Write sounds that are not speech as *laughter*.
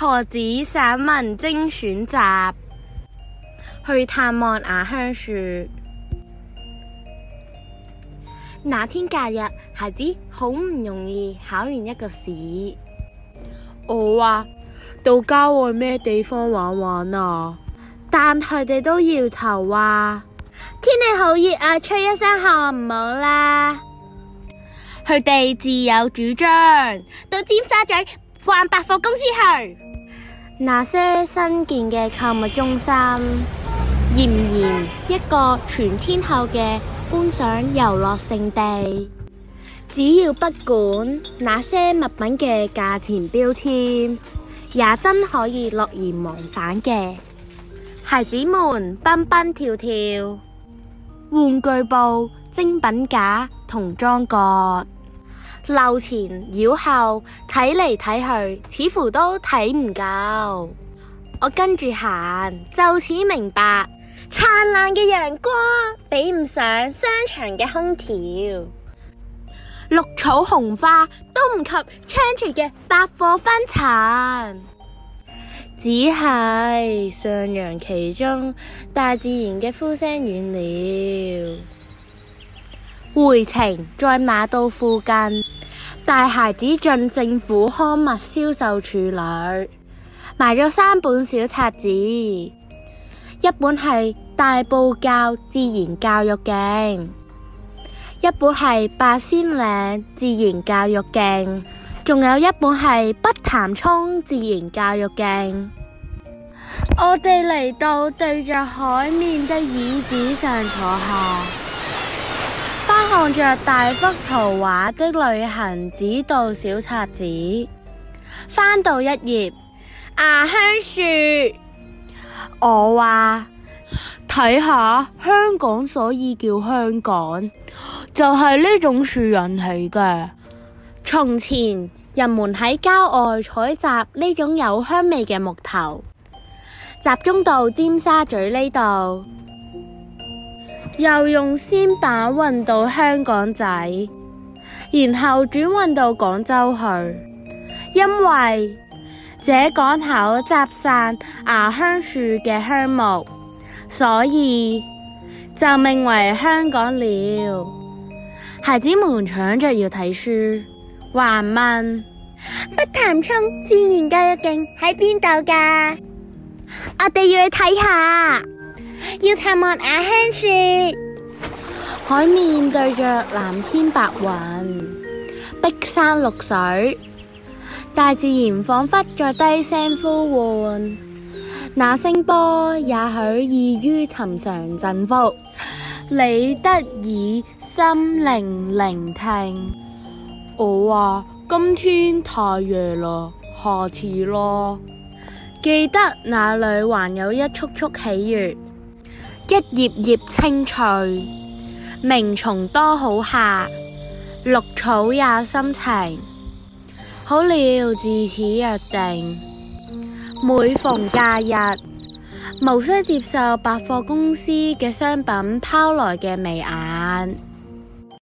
何紫散文精選集。去探望牙香樹。那天假日，孩子好唔容易考完一個試。我話、啊、到郊外咩地方玩玩啊？但啊」但佢哋都搖頭話天氣好熱啊，吹一身汗唔好啦。佢哋自有主張，到尖沙咀。逛百貨公司去，那些新建嘅購物中心儼 *laughs* 然一個全天候嘅觀賞遊樂勝地。只要不管那些物品嘅價錢標籤，也真可以樂而忘返嘅。孩子們蹦蹦跳跳，玩具部、精品架、童裝角。樓前繞後，睇嚟睇去，似乎都睇唔夠。我跟住行，就此明白：燦爛嘅陽光比唔上商場嘅空調，綠草紅花都唔及商場嘅百貨分層。只係徜徉其中，大自然嘅呼聲遠了。回程在馬道附近。帶孩子進政府刊物銷售處裏，買咗三本小冊子，一本係大埔滘自然教育徑，一本係八仙嶺自然教育徑，仲有一本係北潭涌自然教育徑。我哋嚟到對着海面嘅椅子上坐下。望着大幅圖畫的旅行指導小冊子，翻到一頁，牙、啊、香樹。我話睇下香港所以叫香港，就係、就係呢種樹引起嘅。從前人們喺郊外採集呢種有香味嘅木頭，集中到尖沙咀呢度。又用舢板運到香港仔，然後轉運到廣州去。因為這港口集散牙香樹嘅香木，所以就命為香港了。孩子們搶着要睇書，還問：北潭涌自然教育徑喺邊度噶？我哋要去睇下。要探望牙香樹，海面對着藍天白雲，碧山綠水，大自然仿佛在低聲呼喚。那聲波也許異於尋常振幅，你得以心靈聆聽。我話、哦啊、今天太夜啦，下次咯，記得那裏還有一簇簇喜悦。一葉葉青翠，鳴蟲多好客，綠草也深情。好了，自此約定，每逢假日，無需接受百貨公司嘅商品拋來嘅媚眼。